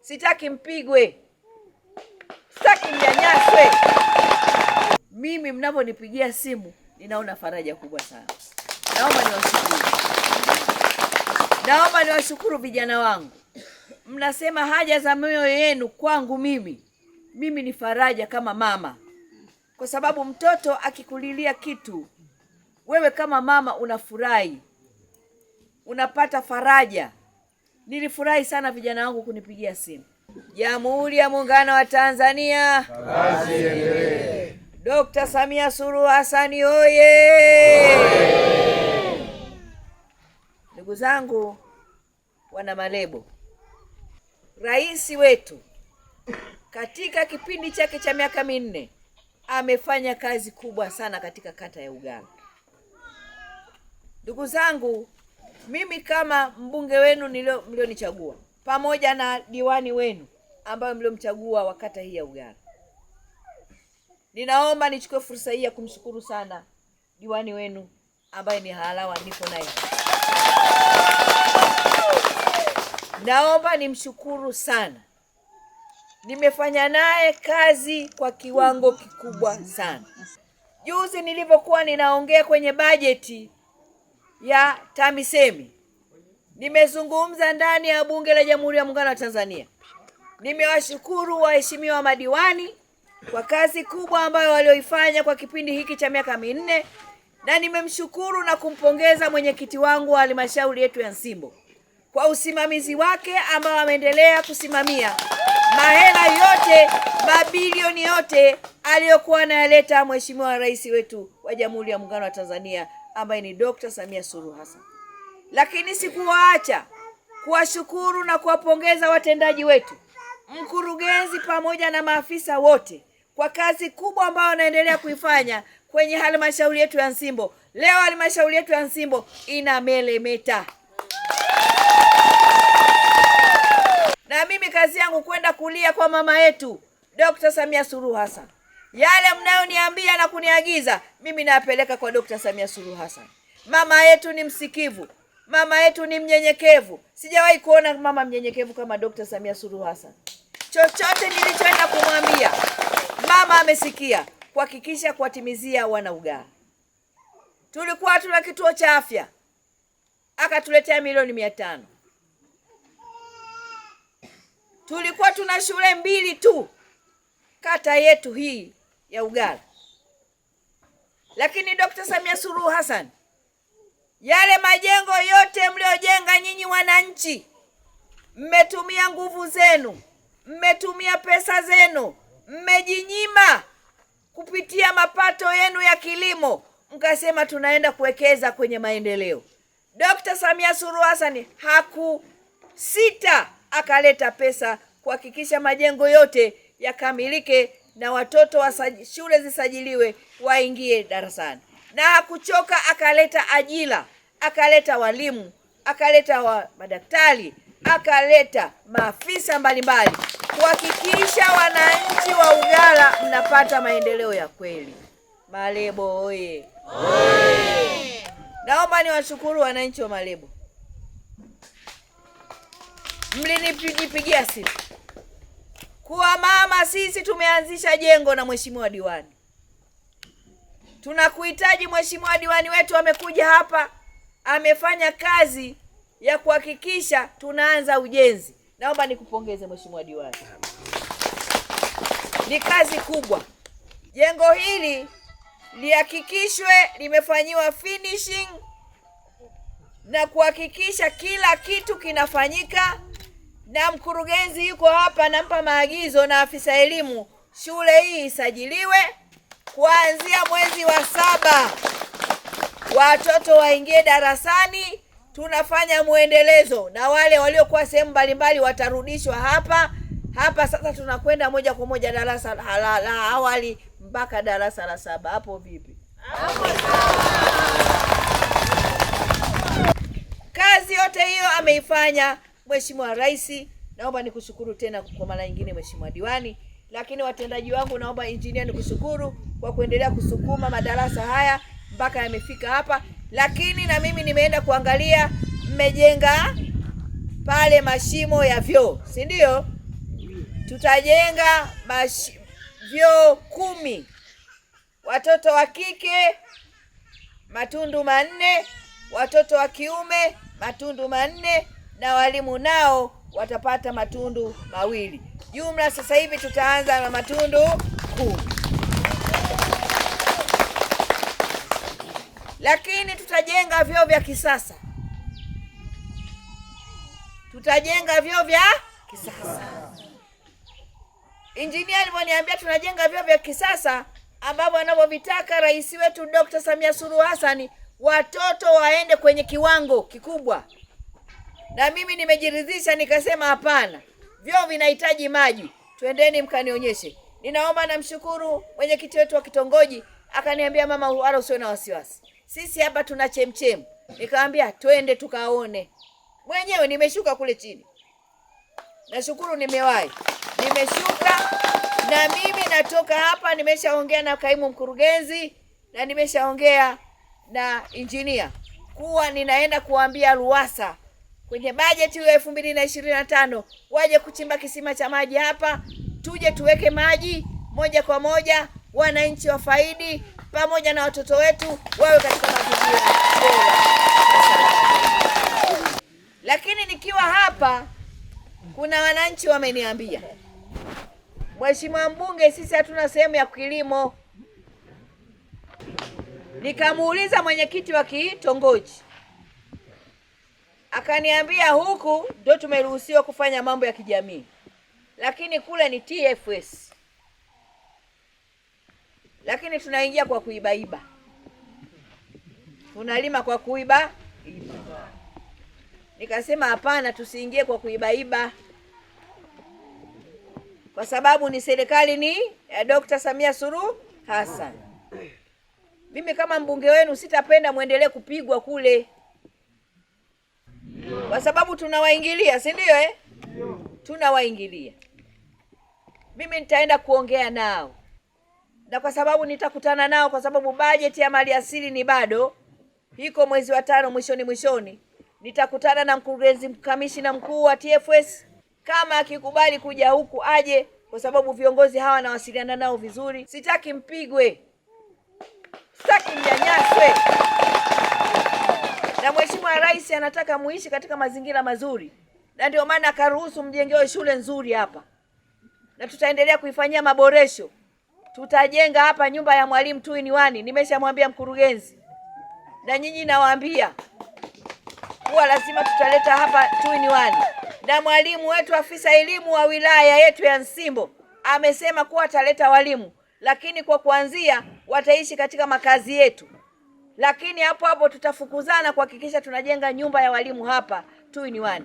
Sitaki mpigwe, sitaki mnyanyaswe. Mimi mnavyonipigia simu ninaona faraja kubwa sana. Naomba niwashukuru, naomba niwashukuru vijana wangu. Mnasema haja za mioyo yenu kwangu mimi, mimi ni faraja kama mama, kwa sababu mtoto akikulilia kitu wewe kama mama unafurahi, unapata faraja. Nilifurahi sana vijana wangu kunipigia simu. Jamhuri ya Muungano wa Tanzania, kazi iendelee. Dr. Samia Suluhu Hassan oye! Ndugu zangu wana Malebo, rais wetu katika kipindi chake cha miaka minne amefanya kazi kubwa sana katika kata ya Ugala. Ndugu zangu mimi kama mbunge wenu mlionichagua pamoja na diwani wenu ambayo mliomchagua wa kata hii ya Ugara, ninaomba nichukue fursa hii ya kumshukuru sana diwani wenu ambaye ni Halawa, niko naye. Naomba nimshukuru sana, nimefanya naye kazi kwa kiwango kikubwa sana. Juzi nilivyokuwa ninaongea kwenye bajeti ya TAMISEMI. Nimezungumza ndani ya Bunge la Jamhuri ya Muungano wa Tanzania. Nimewashukuru waheshimiwa madiwani kwa kazi kubwa ambayo walioifanya kwa kipindi hiki cha miaka minne, na nimemshukuru na kumpongeza mwenyekiti wangu wa halmashauri yetu ya Nsimbo kwa usimamizi wake ambao ameendelea kusimamia mahela yote mabilioni yote aliyokuwa anayaleta mheshimiwa rais wetu wa Jamhuri ya Muungano wa Tanzania ambaye ni Dr. Samia Suluhu Hassan. Lakini sikuwaacha kuwashukuru na kuwapongeza watendaji wetu, mkurugenzi pamoja na maafisa wote kwa kazi kubwa ambayo wanaendelea kuifanya kwenye halmashauri yetu ya Nsimbo. Leo halmashauri yetu ya Nsimbo melemeta na mimi kazi yangu kwenda kulia kwa mama yetu Dr. Samia Suluhu Hassan yale mnayoniambia na kuniagiza mimi nayapeleka kwa Dokta Samia Suluhu Hassan. Mama yetu ni msikivu, mama yetu ni mnyenyekevu. Sijawahi kuona mama mnyenyekevu kama Dokta Samia Suluhu Hassan. Chochote nilichoenda kumwambia mama amesikia, kuhakikisha kuwatimizia Wanaugaa. Tulikuwa tuna kituo cha afya, akatuletea milioni mia tano. Tulikuwa tuna shule mbili tu kata yetu hii ya Ugala. Lakini Dkt. Samia Suluhu Hassan, yale majengo yote mliojenga nyinyi wananchi, mmetumia nguvu zenu, mmetumia pesa zenu, mmejinyima kupitia mapato yenu ya kilimo, mkasema tunaenda kuwekeza kwenye maendeleo. Dkt. Samia Suluhu Hassan hakusita, akaleta pesa kuhakikisha majengo yote yakamilike na watoto wa shule zisajiliwe waingie darasani, na hakuchoka akaleta ajira, akaleta walimu, akaleta wa madaktari, akaleta maafisa mbalimbali kuhakikisha wananchi wa Ugala mnapata maendeleo ya kweli. Malebo oye! Naomba niwashukuru wananchi wa Malebo, mlinipigipigia simu kuwa mama, sisi tumeanzisha jengo na mheshimiwa diwani. Tunakuhitaji mheshimiwa diwani wetu, amekuja hapa, amefanya kazi ya kuhakikisha tunaanza ujenzi. Naomba nikupongeze mheshimiwa diwani, ni kazi kubwa. Jengo hili lihakikishwe limefanyiwa finishing na kuhakikisha kila kitu kinafanyika na mkurugenzi yuko hapa, nampa maagizo na afisa elimu, shule hii isajiliwe kuanzia mwezi wa saba, watoto waingie darasani. Tunafanya mwendelezo na wale waliokuwa sehemu mbalimbali watarudishwa hapa hapa. Sasa tunakwenda moja kwa moja darasa la, la awali mpaka darasa la saba. Hapo vipi? Kazi yote hiyo ameifanya Mheshimiwa Rais, naomba nikushukuru tena kwa mara nyingine, Mheshimiwa Diwani, lakini watendaji wangu, naomba injinia, nikushukuru kwa kuendelea kusukuma madarasa haya mpaka yamefika hapa. Lakini na mimi nimeenda kuangalia, mmejenga pale mashimo ya vyoo, si ndio? Tutajenga vyoo kumi, watoto wa kike matundu manne, watoto wa kiume matundu manne na walimu nao watapata matundu mawili. Jumla sasa hivi tutaanza na matundu kumi, lakini tutajenga vyoo vya kisasa, tutajenga vyoo vya kisasa. Injinia alivyoniambia tunajenga vyoo vya kisasa ambavyo anavyovitaka rais wetu Dr. Samia Suluhu Hassan, watoto waende kwenye kiwango kikubwa na mimi nimejiridhisha, nikasema hapana, vyoo vinahitaji maji, twendeni mkanionyeshe. Ninaomba namshukuru mwenyekiti wetu wa kitongoji akaniambia, mama, wala usio na wasiwasi, sisi hapa tuna chemchemu. Nikamwambia twende tukaone mwenyewe. Nimeshuka kule chini, nashukuru nimewahi, nimeshuka na mimi natoka hapa, nimeshaongea na kaimu mkurugenzi na nimeshaongea na injinia kuwa ninaenda kuambia Ruwasa kwenye bajeti ya elfu mbili na ishirini na tano waje kuchimba kisima cha maji hapa, tuje tuweke maji moja kwa moja, wananchi wafaidi pamoja na watoto wetu wawe katika mazingira lakini nikiwa hapa, kuna wananchi wameniambia, Mheshimiwa Mbunge, sisi hatuna sehemu ya kilimo. Nikamuuliza mwenyekiti wa kitongoji akaniambia huku ndio tumeruhusiwa kufanya mambo ya kijamii, lakini kule ni TFS, lakini tunaingia kwa kuibaiba, tunalima kwa kuiba Nikasema hapana, tusiingie kwa kuibaiba kwa sababu ni serikali ni ya Dr. Samia suru Hassan. Mimi kama mbunge wenu sitapenda mwendelee kupigwa kule kwa sababu tunawaingilia, si ndio eh? Tunawaingilia. Mimi nitaenda kuongea nao, na kwa sababu nitakutana nao, kwa sababu bajeti ya mali asili ni bado iko mwezi wa tano, mwishoni mwishoni nitakutana na mkurugenzi kamishina mkuu wa TFS kama akikubali kuja huku aje, kwa sababu viongozi hawa nawasiliana nao vizuri. Sitaki mpigwe, sitaki mnyanyaswe na Mheshimiwa Rais anataka muishi katika mazingira mazuri, na ndio maana akaruhusu mjengewe shule nzuri hapa, na tutaendelea kuifanyia maboresho. Tutajenga hapa nyumba ya mwalimu tu iniwani, nimeshamwambia mkurugenzi, na nyinyi nawaambia kuwa lazima tutaleta hapa tu iniwani. Na mwalimu wetu afisa elimu wa wilaya yetu ya Nsimbo amesema kuwa ataleta walimu, lakini kwa kuanzia wataishi katika makazi yetu lakini hapo hapo tutafukuzana kuhakikisha tunajenga nyumba ya walimu hapa two in one.